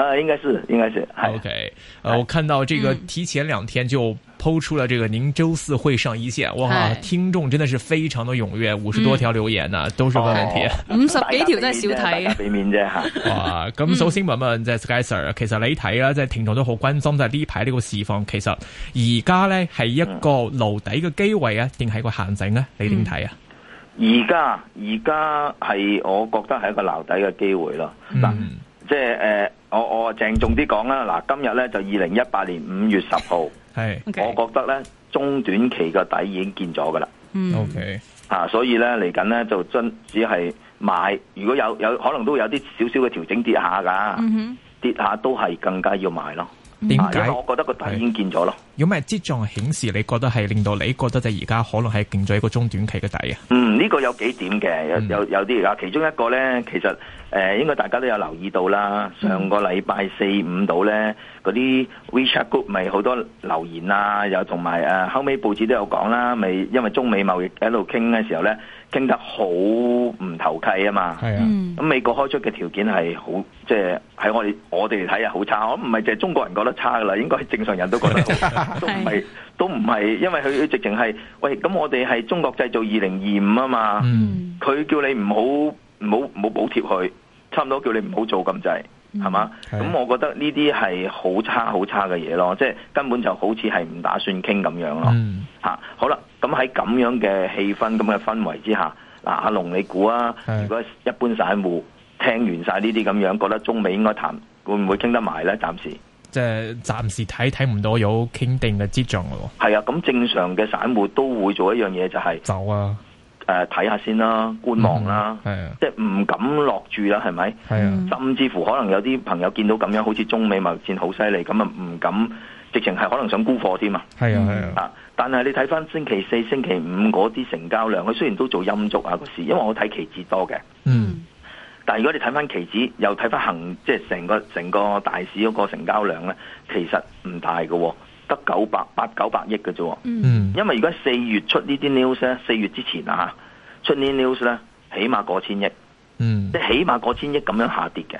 呃應該是，應該是。O、okay, K，呃我看到這個提前兩天就拋出了這個，您周四會上一線，嗯、哇，聽眾真的是非常的踴躍，五十多條留言呢、啊嗯，都是問問題。五十幾條都係少睇，俾面啫吓。 哇，咁、嗯嗯嗯、首先問問在 Sky Sir，其實你睇啊即係聽眾都好關心，即係呢排呢個市況，其實而家呢係一個撈底嘅機會啊定係一個陷阱啊你點睇啊？而家、啊，而家係我覺得係一個撈底嘅機會咯，嗱、嗯。即係、呃、我我鄭重啲講啦，嗱，今日咧就二零一八年五月十號，係、 okay，我覺得咧中短期個底已經見咗噶啦。嗯，OK、啊、所以咧嚟緊咧就真只係買，如果有有可能都有啲少少嘅調整跌下㗎，mm-hmm. 跌下都係更加要買咯。Mm-hmm. 啊、點解？因為我覺得個底已經見咗咯。 有咩跡象顯示你覺得係令到你覺得就而家可能係競咗一個中短期嘅底啊？嗯，呢、這個有幾點嘅，有、嗯、有啲家其中一個咧，其實誒、呃、應該大家都有留意到啦。上個禮拜四五度咧，嗰啲 WeChat group 咪好多留言啦，又同埋誒後尾報紙都有講啦，咪因為中美貿易喺度傾嘅時候咧，傾得好唔投契啊嘛。係啊，咁、嗯嗯、美國開出嘅條件係好，即係喺我哋我哋嚟睇啊，好差。我唔係淨係中國人覺得差噶啦，應該係正常人都覺得。差。 都唔係，都唔係，因為佢直情係，喂，咁我哋係中國製造二零二五啊嘛，佢、嗯、叫你唔好，唔好，唔好補貼佢，差唔多叫你唔好做咁滯，係、嗯、嘛？咁我覺得呢啲係好差，好差嘅嘢咯，即係根本就好似係唔打算傾咁樣咯。吓、嗯啊，好啦，咁喺咁樣嘅氣氛，咁嘅氛圍之下，嗱、啊，阿龍你估啊，如果一般散戶聽完晒呢啲咁樣，覺得中美應該談，會唔會傾得埋咧？暫時？即係暫時睇睇唔到有傾定嘅跡象咯。係啊，咁正常嘅散戶都會做一樣嘢，就是，就係走啊，誒睇下先啦，觀望啦，係、嗯、啊，即係唔敢落注啦，係咪？係啊，甚至乎可能有啲朋友見到咁樣，好似中美貿易戰好犀利，咁啊唔敢，直情係可能想沽貨添啊。係啊係啊，嗯、是啊，但係你睇翻星期四、星期五嗰啲成交量，佢雖然都做陰燭啊，個市，因為我睇期指多嘅、啊，嗯。但如果你睇翻期指，又睇翻行，即係成個成個大市嗰個成交量咧，其實唔大嘅、哦，得九百八九百億嘅啫。嗯，因為如果四月出呢啲 news 咧，四月之前啊，出呢啲 news 咧，起碼過千億。嗯，即係起碼過千億咁樣下跌嘅。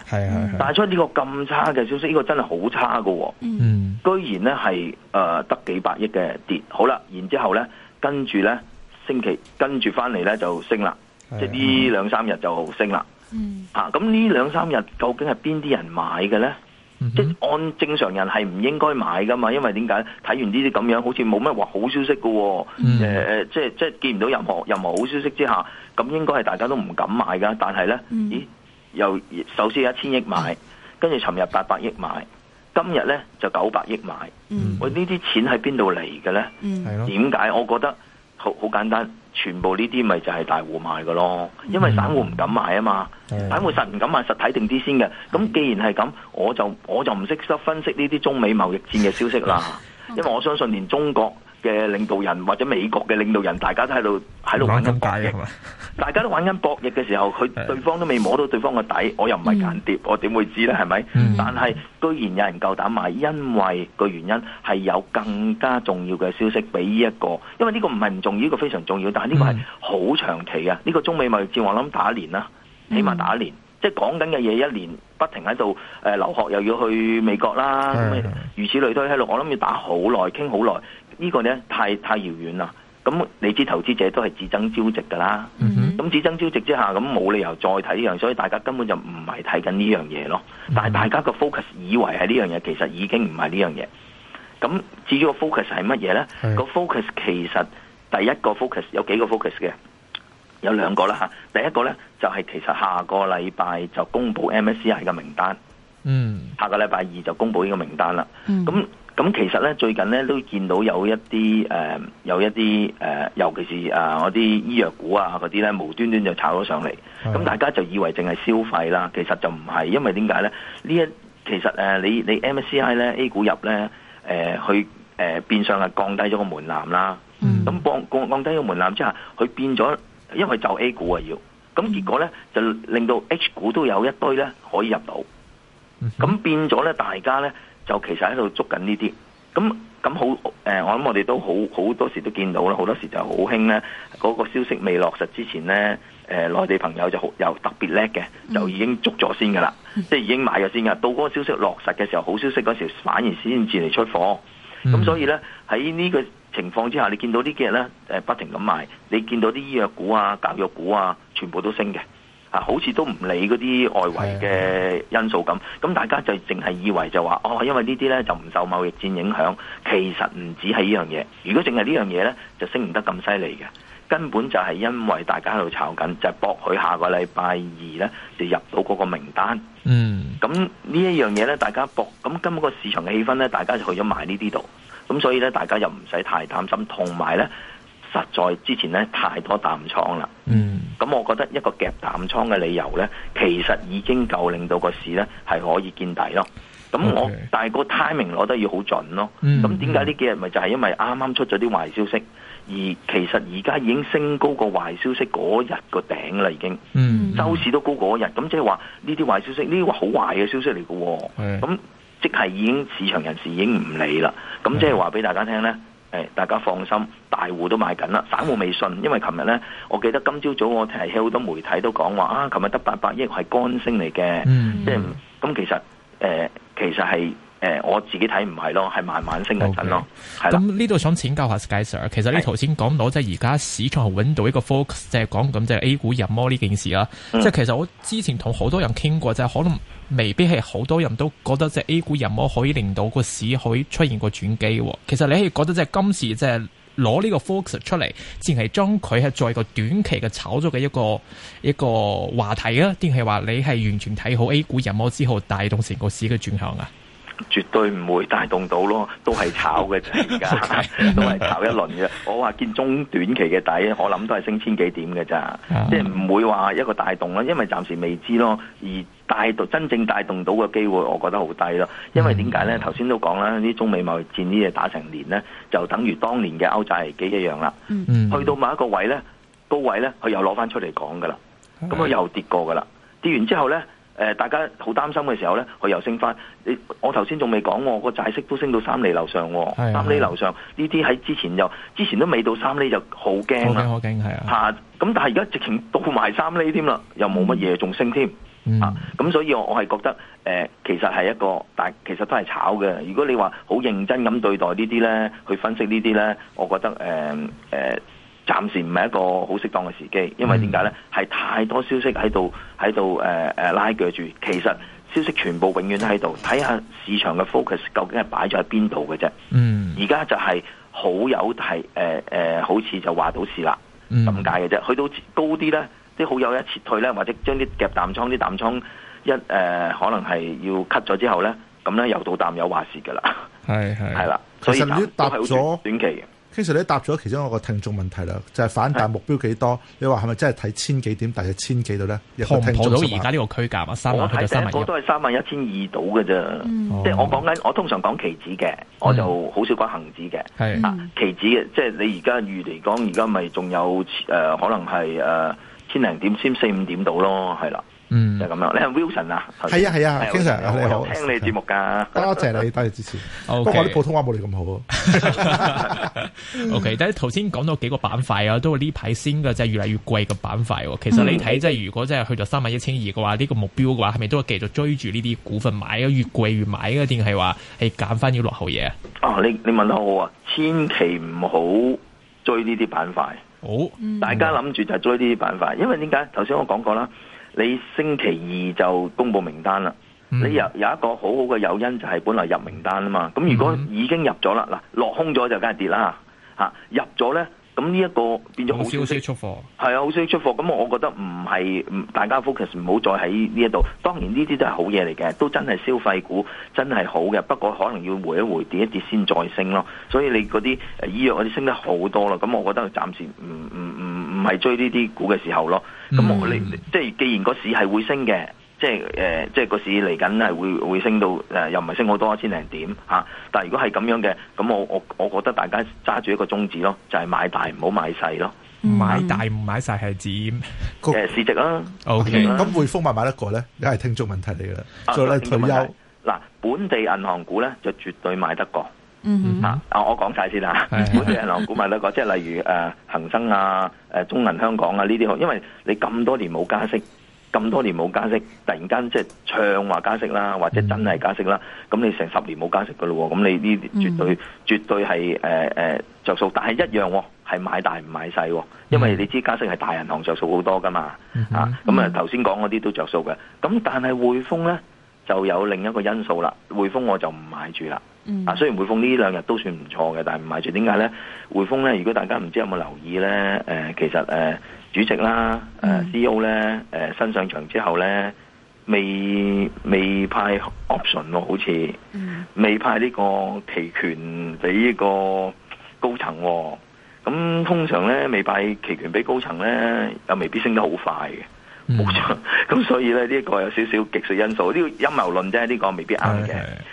但、嗯、出呢個咁差嘅消息，呢、呢個真係好差嘅、哦。嗯，居然咧係得幾百億嘅跌。好啦，然之後咧，跟住咧星期跟住翻嚟咧就升啦、嗯，即係呢兩三日就升啦。嗯、啊，吓咁呢兩三日究竟係邊啲人買嘅咧？Mm-hmm. 即按正常人係唔應該買噶嘛？因為點解睇完呢啲咁樣，好似冇乜話好消息㗎，誒誒，即係即係見唔到任何任何好消息之下，咁應該係大家都唔敢買噶。但係咧，mm-hmm. 咦？又首先有一千億買，跟住尋日八百億買，今日咧就九百億買。喂、mm-hmm. 我呢啲錢喺邊度嚟嘅咧？係點解？我覺得好好簡單。全部呢啲咪就係大戶買㗎咯，因為散戶唔敢買啊嘛，散戶、嗯、實唔敢買，實體定啲先嘅。咁既然係咁，我就我就唔識得分析呢啲中美貿易戰嘅消息啦，因為我相信連中國嘅領導人或者美國嘅領導人，大家都喺度喺度玩緊博弈，大家都玩緊博弈嘅時候，佢對方都未摸到對方嘅底，我又唔係間諜，我點會知呢？係咪？但係居然有人夠膽買，因為個原因係有更加重要嘅消息俾呢一個，因為呢個唔係唔重要，呢個非常重要，但係呢個係好長期嘅。呢個中美貿易戰我諗打一年啦，起碼打一年，即係講緊嘅嘢一年，不停喺度誒留學又要去美國啦，咁啊如此類推喺度，我諗要打好耐，傾好耐。呢、這個呢，太太遙遠啦，咁你知道投資者都係只爭朝夕噶啦，咁只爭朝夕之下，咁冇理由再睇呢樣，所以大家根本就唔係睇緊呢樣嘢咯。Mm-hmm. 但係大家個 focus 以為係呢樣嘢，其實已經唔係呢樣嘢。咁至於個 focus 係乜嘢呢？個 focus 其實第一個 focus 有幾個 focus 嘅，有兩個啦嚇。第一個呢，就係、是、其實下個禮拜就公布 MSCI 嘅名單，嗯、mm-hmm.，下個禮拜二就公布呢個名單啦，咁、mm-hmm.。咁其實咧，最近咧都見到有一啲誒，有一啲誒，尤其是啊嗰啲醫藥股啊嗰啲咧，無端端就炒咗上嚟。咁大家就以為淨係消費啦，其實就唔係，因為點解咧？呢一其實誒，你你 MSCI 咧 A 股入咧誒，去、呃、誒變相係降低咗個門檻啦。咁、嗯、降降低咗門檻之下，佢變咗，因為就 A 股啊要。咁結果咧就令到 H 股都有一堆咧可以入到。咁變咗咧，大家咧。就其實喺度捉緊呢啲，咁咁好，呃、我諗我哋都好好多時都見到啦，好多時就好興咧，嗰、嗰個消息未落實之前咧，誒、呃，內地朋友就好又特別叻嘅，就已經捉咗先噶啦，即係已經買咗先噶，到嗰個消息落實嘅時候，好消息嗰時反而先至嚟出貨，咁所以咧喺呢個情況之下，你見到呢幾日咧誒不停咁賣，你見到啲醫藥股啊、教育股啊，全部都升嘅。好似都唔理嗰啲外圍嘅因素咁，咁、yeah. 大家就淨係以為就話，哦，因為呢啲呢就唔受貿易戰影響，其實唔止係呢樣嘢。如果淨係呢樣嘢呢，就升唔得咁犀利嘅。根本就係因為大家喺度炒緊，就係博佢下個禮拜二呢就入到嗰個名單。嗯，咁呢一樣嘢呢，大家博，咁今個市場嘅氣氛呢，大家就去咗埋呢啲度。咁所以呢，大家又唔使太擔心，同埋呢。實在之前咧太多淡倉啦，咁、嗯、我覺得一個夾淡倉嘅理由咧，其實已經夠令到個市咧係可以見底咯。咁我、okay. 但係個 timing 攞得要好準咯。咁點解呢幾日咪，就係因為啱啱出咗啲壞消息，而其實而家已經升高過壞消息嗰日個頂啦，已經周、嗯嗯、市都高過嗰日。咁即係話呢啲壞消息呢啲好壞嘅消息嚟嘅，咁即係已經市場人士已經唔理啦。咁即係話俾大家聽咧。誒，大家放心，大戶都買緊啦，散戶未信，因為琴日咧，我記得今朝早，早我提起好多媒體都講話啊，琴日得八百億係乾升嚟嘅，即係咁其實、呃、其實係。誒、呃，我自己睇唔係咯，係慢慢升緊陣咯。咁呢度想請教下 Sky Sir 其實你頭先講到，即係而家市場揾到一個 focus，即係講緊即係 A 股入魔呢件事啦，嗯。即係其實我之前同好多人傾過，即係可能未必係好多人都覺得即係 A 股入魔可以令到個市可以出現個轉機。其實你係覺得即係今次，即係攞呢個 focus 出嚟，淨係將佢係再個短期嘅炒作嘅一個一個話題啊，定係話你係完全睇好 A 股入魔之後帶動成個市嘅轉向啊？絕對唔會帶動到咯，都係炒嘅咋。而 家 Okay. 都係炒一輪嘅。我話見中短期嘅底，我諗都係升千幾點嘅咋，yeah. 即係唔會話一個帶動啦，因為暫時未知咯。而帶動真正帶動到嘅機會，我覺得好低咯。因為點解咧？頭、mm-hmm. 先都講啦，呢中美貿易戰呢嘢打成年咧，就等於當年嘅歐債危機一樣啦。嗯嗯，去到某一個位咧，高位咧，佢又攞翻出嚟講噶啦，咁、okay. 佢又跌過噶啦，跌完之後咧。呃、大家好擔心嘅時候咧，佢又升翻。你我頭先仲未講喎，個債息都升到三厘樓上喎、哦啊，三厘樓上呢啲喺之前又之前都未到三厘就好驚啊！好驚，好驚，係啊！咁但係而家直情到埋三厘添啦，又冇乜嘢仲升添啊！咁、嗯啊、所以我我係覺得、呃、其實係一個，但其實都係炒嘅。如果你話好認真咁對待呢啲咧，去分析呢啲咧，我覺得、呃呃暫時唔係一個好適當嘅時機，因為點解咧？係太多消息喺度喺度誒誒拉鋸住，其實消息全部永遠都喺度，睇下市場嘅 focus 究竟係擺咗喺邊度嘅啫。嗯，而家就係好友係誒誒，好似就話到事啦，咁解嘅啫。去到高啲咧，啲好友一撤退咧，或者將啲夾淡倉啲淡倉一誒、呃，可能係要 cut 咗之後咧，咁咧又到淡友話事嘅啦。係係係啦，所以都係好短期其實你答咗其中一個聽眾問題啦，就係、是、反彈目標幾多？你話係咪真係睇千幾點，但係千幾度咧？破唔破到而家呢個區間啊？三萬，我都係三萬一千二度嘅啫。即係我講緊，我通常講期指嘅，我就好少講恒指嘅。係啊、嗯，期指嘅，即係你而家預嚟講，而家咪仲有誒、呃，可能係誒、呃、千零點，千四五點度囉。係啦。嗯，就咁、是、樣。你係 Wilson 啊？係啊，係啊，經常、啊嗯、你好，我有聽你節目噶，啊、 多謝你多謝支持。Okay. 不過我普通話冇你咁好。 o、okay, K，但係頭先講到幾個板塊啊，都係呢排先嘅，就係越嚟越貴嘅板塊。其實你睇，即、嗯、係如果真係去到三萬一千二嘅話，呢、這個目標嘅話，係咪都係繼續追住呢啲股份買啊？越貴越買啊？定係話係揀翻要落後嘢？啊。哦，你你問得好啊，千祈唔好追呢啲板塊。好、哦嗯，大家諗住就係追呢啲板塊，因為點解？頭先我講過啦。你星期二就公布名單啦、嗯，你有有一個好好嘅誘因就係本來入名單啊嘛，咁如果已經入咗啦，嗱落空咗就梗係跌啦吓，入咗咧咁呢一個變咗好消息出貨、嗯、係、嗯、啊，好消息出貨，咁我覺得唔係大家 focus 唔好再喺呢一度，當然呢啲都係好嘢嚟嘅，都真係消費股真係好嘅，不過可能要回一回跌一跌先再升咯，所以你嗰啲醫藥嗰啲升得好多啦，咁我覺得暫時唔唔唔唔係追呢啲股嘅時候咯。咁我你即係既然個市係會升嘅，即係誒、呃，即係個市嚟緊係會會升到誒、呃，又唔係升好多一千零點吓、啊。但係如果係咁樣嘅，咁我我我覺得大家揸住一個宗旨咯，就係、是、買大唔好買細咯、嗯。買大唔買細係指誒市值啦、啊。O K，咁匯豐買唔買得過咧？一、啊、係、啊、聽眾問題嚟噶啦。所以退休嗱，本地銀行股咧就絕對買得過。嗯，吓，啊，我講晒先啦，好似銀行股買得過，即、mm-hmm. 係例如誒、呃、恒生啊，誒、呃、中銀香港啊呢啲，因為你咁多年冇加息，咁多年冇加息，突然間即係唱話加息啦，或者真係加息啦，咁、mm-hmm. 你成十年冇加息噶咯，咁你呢啲絕對、mm-hmm. 絕對係誒誒着數，但係一樣係、啊、買大唔買細、啊，因為你知加息係大銀行着數好多噶嘛，啊，咁、mm-hmm. 啊頭先講嗰啲都着數嘅，咁但係匯豐咧就有另一個因素啦，匯豐我就唔買住啦。嗯，啊，雖然匯豐呢兩日都算唔錯嘅，但係賣住點解咧？匯豐咧，如果大家唔知有冇留意咧、呃，其實誒、呃、主席啦，誒 CEO 咧，誒、呃呃、新上場之後咧，未未派 option 喎，好似、嗯，未派呢個期權俾呢個高層喎、哦，咁通常咧未派期權俾高層咧，又未必升得好快嘅。冇 錯、嗯，咁 所以咧呢、呢個有少少極勢因素，呢個陰謀論啫，呢、呢個未必啱嘅。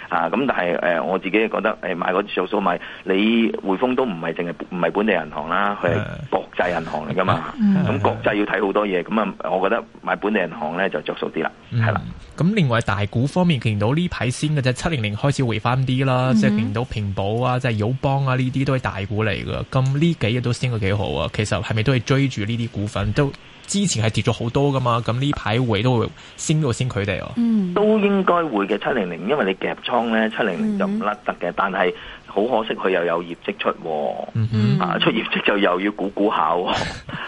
咁但係、呃、我自己覺得誒、呃、買嗰隻數數買，你匯豐都唔係淨係唔係本地銀行啦，佢係國際銀行嚟噶嘛。咁、嗯嗯嗯、國際要睇好多嘢，咁、嗯、啊，我覺得買本地銀行咧就着數啲啦，係啦、嗯。咁、嗯、另外大股方面見到呢排先嘅啫，七零零開始回翻啲啦，即係見到平保啊，即係友邦啊呢啲都係大股嚟嘅。咁呢幾日都升得幾好啊，其實係咪都係追住呢啲股份都？之前係跌咗好多噶嘛，咁呢排會都會升到先佢哋哦，都應該會嘅七零零，700, 因為你夾倉咧七零零就唔甩得嘅、嗯，但係。好可惜，佢又有業績出、啊，嚇、嗯啊、出業績就又要估估下喎、啊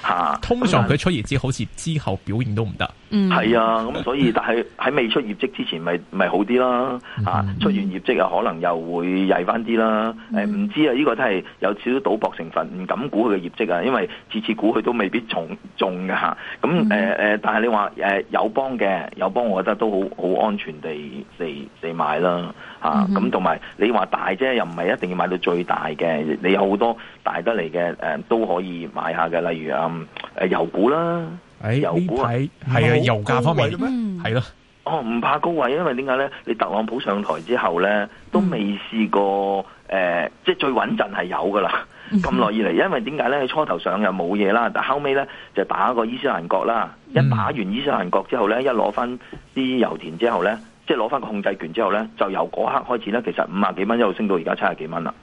啊，通常佢出業績好似之後表現都唔得，嗯，係啊，咁所以但係喺未出業績之前，咪咪好啲啦、啊，嚇、啊、出完業績啊，可能又會曳翻啲啦。誒唔知啊，呢、嗯哎啊呢個都係有少少賭博成分，唔敢估佢嘅業績啊，因為次次估佢都未必重重㗎嚇、啊。咁誒誒，但係你話誒友邦嘅友邦，啊、友邦我覺得都好好安全地地地買啦，嚇、啊。咁同埋你話大啫，又唔係一。一定要買到最大嘅，你有好多大得嚟嘅、呃、都可以買下嘅，例如啊、嗯呃、油股啦，欸、油股啊係啊油價方面嘅係咯、嗯，哦唔怕高位，因為點解咧？你特朗普上台之後咧，都未試過、嗯呃、即係最穩陣係有噶啦，咁、嗯、耐以嚟，因為點解咧？佢初頭上又冇嘢啦，但後尾咧就打個伊斯蘭國啦，一打完伊斯蘭國之後咧，一攞翻啲油田之後咧。即係攞翻個控制權之後呢，就由嗰刻開始呢，其實五十幾蚊一路升到而家七十幾蚊啦。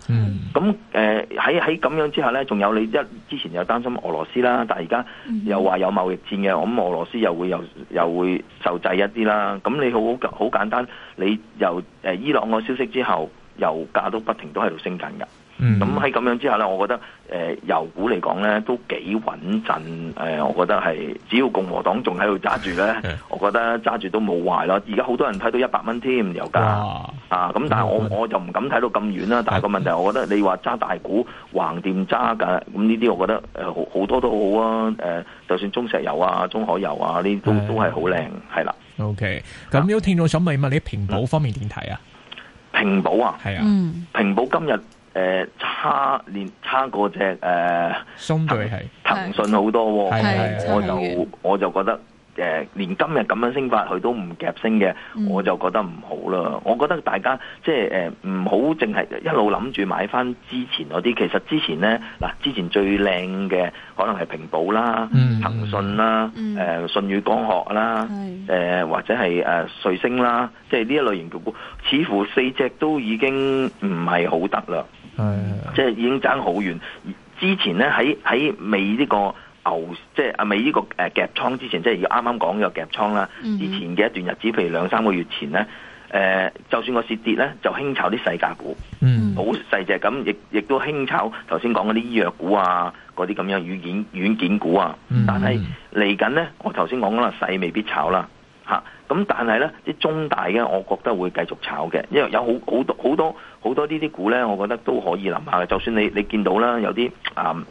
咁誒喺喺咁樣之下呢，仲有你一之前又擔心俄羅斯啦，但係而家又話有貿易戰嘅，我諗俄羅斯又會又又會受制一啲啦。咁你好好簡單，你由、呃、伊朗個消息之後，油價都不停都喺度升緊㗎。咁喺咁樣之下呢，我覺得誒，油、呃、股嚟講呢，都幾穩陣誒，我覺得係只要共和黨仲喺度揸住呢，我覺得揸住都冇壞囉。而家好多人睇到一百蚊添油價啊，咁但係我、嗯、我就唔敢睇到咁遠啦。但係個問題，我覺得你話揸大股橫掂揸噶，咁呢啲我覺得好、呃、多都好啊。誒、呃，就算中石油啊、中海油啊呢，都都係好靚，係啦。O K。咁有聽眾想問問、啊、你平保方面點睇啊？平保啊，係啊，平、嗯、保今日。誒、呃，差連差過隻誒，係騰訊好多，我就我就覺得誒，連今日咁樣升法，佢都唔夾升嘅，我就覺得唔、呃、好啦、嗯。我覺得大家即係誒，唔好淨係一路諗住買翻之前嗰啲。其實之前咧，嗱，之前最靚嘅可能係平保啦、騰訊啦、誒、嗯呃、信宇光學啦、誒、嗯呃、或者係誒、呃、瑞星啦，即係呢一類型似乎四隻都已經唔係好得啦。係，即係已經爭好遠。之前咧喺喺未呢個牛，即係未呢個誒夾倉之前，即係要啱啱講個夾倉啦。之前嘅一段日子，譬如兩三個月前咧，誒、呃、就算我蝕跌咧，就輕炒啲細價股，嗯很隻，好細隻咁，亦亦都輕炒頭先講嗰啲醫藥股啊，嗰啲咁樣軟件軟件股啊。但係嚟緊咧，我頭先講啦，細未必炒啦。吓、啊，咁但係咧，啲中大嘅，我覺得會繼續炒嘅，因為有好好多好多好多呢啲股咧，我覺得都可以諗下嘅。就算你你見到啦，有啲啊、嗯、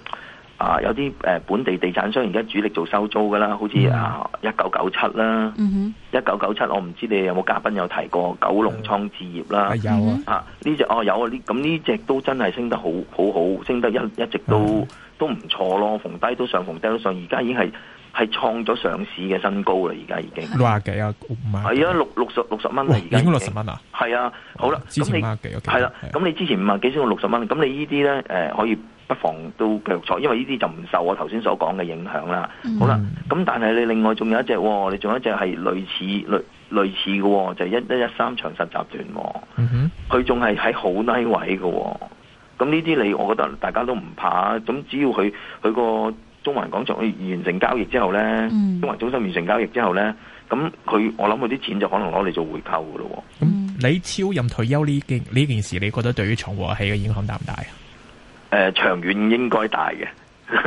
啊，有啲本地地產商而家主力做收租噶啦，好似啊一九九七啦，一九九七我唔知你有冇嘉賓有提過，九龍倉置業啦，嗯、啊呢隻、嗯啊呢隻、哦有啊呢，咁呢隻都真係升得好好好，升得一一直都、嗯、都唔錯咯，逢低都上，逢低都上，而家已經係。係創咗上市嘅新高啦！而家已，已，已經六十幾啊，係啊，六六十六十蚊啦，而家應該六十蚊啊，係啊，好啦，之前係啦，咁你、okay, 你之前五十幾先到六十蚊，咁、okay, 你這些呢啲咧，誒，可以不妨都繼續坐，因為呢啲就唔受我頭先所講嘅影響啦。好啦，咁、嗯、但係你另外仲有一隻、哦，你仲有一隻係類似類類似嘅，就是、一一一三長實集團、哦，嗯哼，佢仲係喺好低位嘅，咁呢啲你我覺得大家都唔怕，咁只要佢佢個。中環廣場完成交易之後呢、嗯，中環中心完成交易之後呢，咁佢我諗佢啲錢就可能攞嚟做回購嘅咯。咁、嗯嗯、李超人退休呢件呢件事，你覺得對於長和係嘅影響大唔大啊？誒、呃，長遠應該大嘅，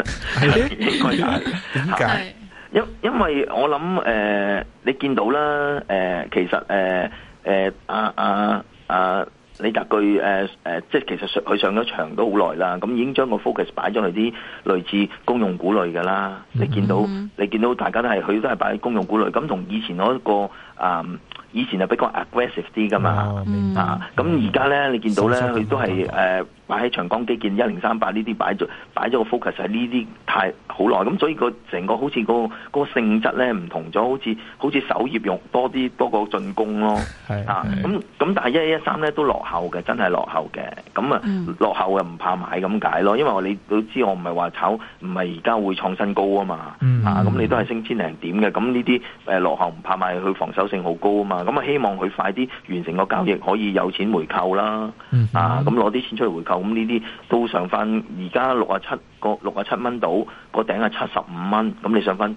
應該大嘅。點 解？因因為我諗誒、呃，你見到啦，誒、呃，其實誒誒，阿阿阿。呃啊啊啊你嗱句誒誒，即、呃、係其實佢上咗場都好耐啦，咁已經將個 focus 擺咗去啲類似公用股類㗎啦。你見到、mm-hmm. 你見到大家都係佢都係擺喺公用股類，咁同以前嗰、那個啊、呃，以前就比較 aggressive 啲噶嘛。Oh, 明白。咁而家咧，你見到咧，佢都係誒。呃擺喺長江基建一零三八呢啲，擺咗擺咗個 focus 喺呢啲太好耐，咁所以個成個好似、那個、那個性質咧唔同咗，好似好似首頁用多啲多個進攻咯，係啊，咁咁但係一一三咧都落後嘅，真係落後嘅，咁、嗯、啊、嗯、落後又唔怕買咁解咯，因為你我你都知我唔係話炒，唔係而家會創新高啊嘛，嗯嗯啊咁你都係升千零點嘅，咁呢啲誒落後唔怕買，佢防守性好高啊嘛，咁啊希望佢快啲完成個交易，嗯、可以有錢回購啦，嗯、啊咁攞啲錢出嚟回購。咁呢啲都上翻，而家六啊七個六啊七蚊到，個頂係七十五蚊，咁你上翻。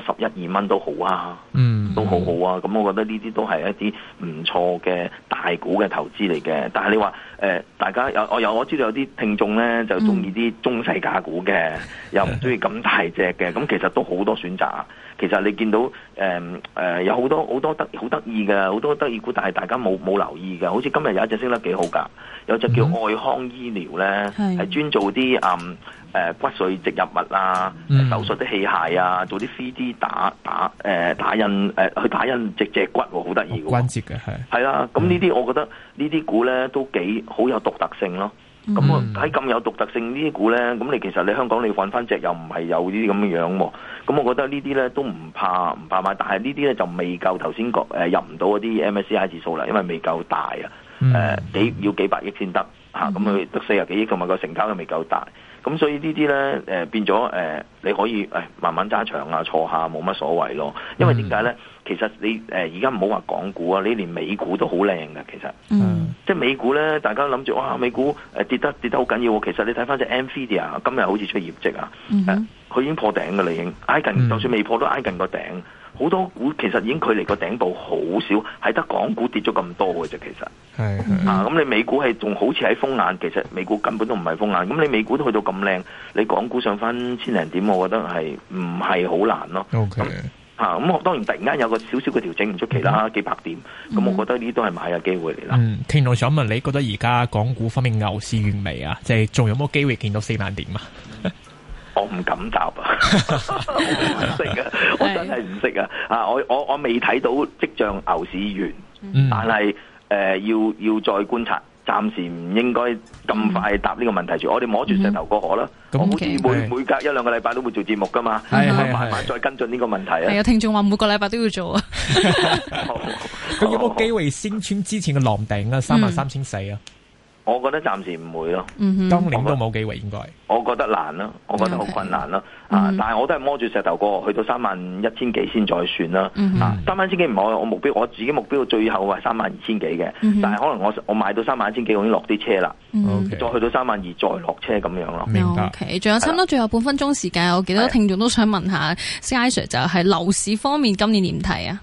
七十一二蚊都好啊，嗯，都好好啊。咁、嗯、我覺得呢啲都係一啲唔錯嘅大股嘅投資嚟嘅。但係你話誒、呃，大家有我我知道有啲聽眾呢就中意啲中細價股嘅，嗯，又唔中意咁大隻嘅。咁、嗯、其實都好多選擇。其實你見到誒誒、嗯呃，有好多好多得好得意嘅，好多得意股，但係大家冇冇留意嘅。好似今日有一隻升得幾好噶，有隻叫愛康醫療呢，係、嗯、專做啲誒、呃、骨髓植入物啊，嗯、手術啲器械啊，做啲 3D 打打誒、呃、打印誒去、呃、打印隻隻骨喎，好得意嘅。關節嘅係係啦，咁呢啲我覺得這些呢啲股咧都幾好有獨特性咯。咁喺咁有獨特性的呢啲股咧，咁你其實你香港你揾翻隻又唔係有呢啲咁樣喎。咁我覺得這些呢啲咧都唔怕唔怕買，但係呢啲咧就未夠頭先講入唔到嗰啲 MSCI 指數啦，因為未夠大啊。誒、嗯呃、幾要幾百億先得嚇，咁、嗯、佢、嗯啊、得四十幾億，同埋個成交又未夠大。咁所以呢啲咧，誒、呃、變咗誒、呃，你可以誒慢慢揸長啊，坐下冇乜所謂咯，因為點解咧？嗯其實你誒，而家唔好話港股啊，你連美股都好靚噶。其實，嗯、即係美股咧，大家諗住哇，美股誒跌得跌得好緊要。其實你睇翻隻 NVIDIA 今日好似出業績、嗯、啊，佢已經破頂噶啦，已經挨近就算未破都挨近個頂。好、嗯、多股其實已經距離個頂部好少，係得港股跌咗咁多嘅啫。其實係咁、啊、你美股係仲好似喺風眼，其實美股根本都唔係風眼。咁你美股都去到咁靚，你港股上翻千零點，我覺得係唔係好難咯。OK、嗯。咁、啊、我當然突然間有個少少嘅調整唔出奇啦，幾百點，咁、嗯、我覺得呢啲都係買嘅機會嚟啦。嗯，聽我想問，你覺得而家港股方面牛市完未啊？即係仲有冇機會見到四萬點啊？嗯、我唔敢答啊，唔 識 懂啊， 啊，我真係唔識啊！我我我未睇到跡象牛市完、嗯，但係誒、呃，要要再觀察。暫時唔應該咁快答呢個問題住，我哋摸住石頭過河啦。我好似每每隔一兩個禮拜都會做節目㗎嘛，係，慢慢再跟進呢個問題啊。係啊，聽眾話每個禮拜都要做啊。咁、喔、有冇機會升穿之前嘅浪頂啊？三萬三千四啊！我覺得暫時唔會咯，今、嗯、年都冇機會應該。我覺得難咯，我覺得好困難咯、okay. 啊嗯嗯。啊，但係我都係摸住石頭過去到三萬一千幾先再算啦。啊，三萬一千幾唔係我我目標，我自己目標最後係三萬二千幾嘅、嗯。但係可能我我買到三萬一千幾，我已經落啲車啦。Okay. 再去到三萬二再落車咁樣咯。O K，仲有差唔多最後半分鐘時間，我記得聽眾都想問下、Sky、Sir 就係樓市方面今年點睇啊？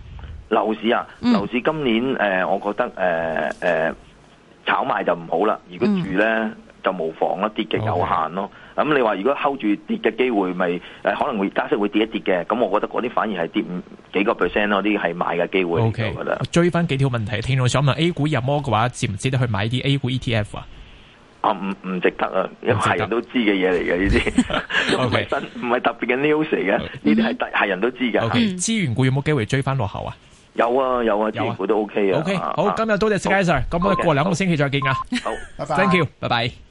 樓市啊，嗯、樓市今年、呃、我覺得、呃呃炒賣就唔好啦，如果住咧、嗯、就無妨咯，跌嘅有限咯。咁、okay. 嗯、你話如果 hold 住跌嘅機會，咪誒可能會加息會跌一跌嘅。咁我覺得嗰啲反而係跌幾個 percent 啲係買嘅機會、okay. 我覺得我追翻幾條問題，聽到想問 A 股入摩嘅話，值唔值得去買啲 A 股 ETF 啊？啊，唔唔值得啊，因為係人都知嘅嘢嚟嘅呢啲，唔 係新唔係、okay. 特別嘅 news 嚟嘅，呢啲係係人都知嘅。資、okay. 源、okay. 股有冇機會追翻落後啊？有啊有啊有啊，有啊有啊都 OK, OK 啊 OK，好，好，今日多謝，謝 Sky Sir，咁我哋過兩個星期再見啊，好，thank 拜拜。you，拜拜。